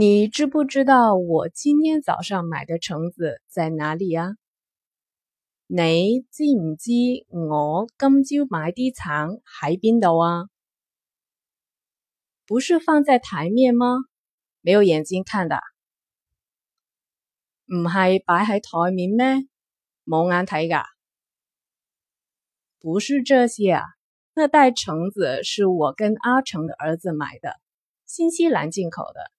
你知不知道我今天早上買的橙子在哪裡呀？你知唔知我今朝買啲橙喺邊度啊？不是放在台面嗎？沒有眼睛看的。唔係擺喺台面咩？冇眼睇噶。不是這些啊，那袋橙子是我跟阿成的兒子買的，新西蘭進口的。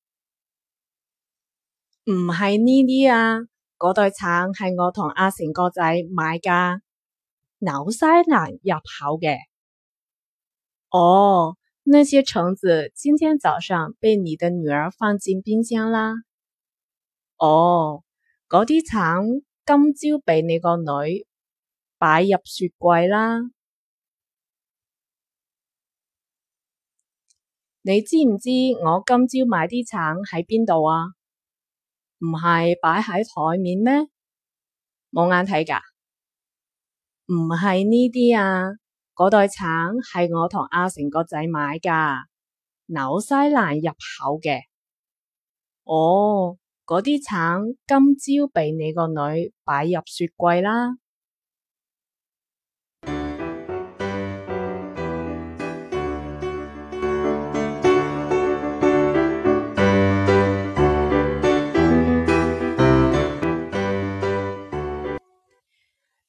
唔係呢啲啊，嗰對橙係我同阿成個仔買㗎，紐西蘭入口嘅。哦，那些橙子今天早上被你的女兒放進冰箱啦。哦，嗰啲橙今朝俾你個女擺入雪櫃啦。你知唔知我今朝買啲橙喺邊度啊？唔係擺喺台面咩？冇眼睇噶，唔係呢啲啊，嗰袋橙係我同阿成個仔買噶，紐西蘭入口嘅。哦，嗰啲橙今朝俾你個女擺入雪櫃啦。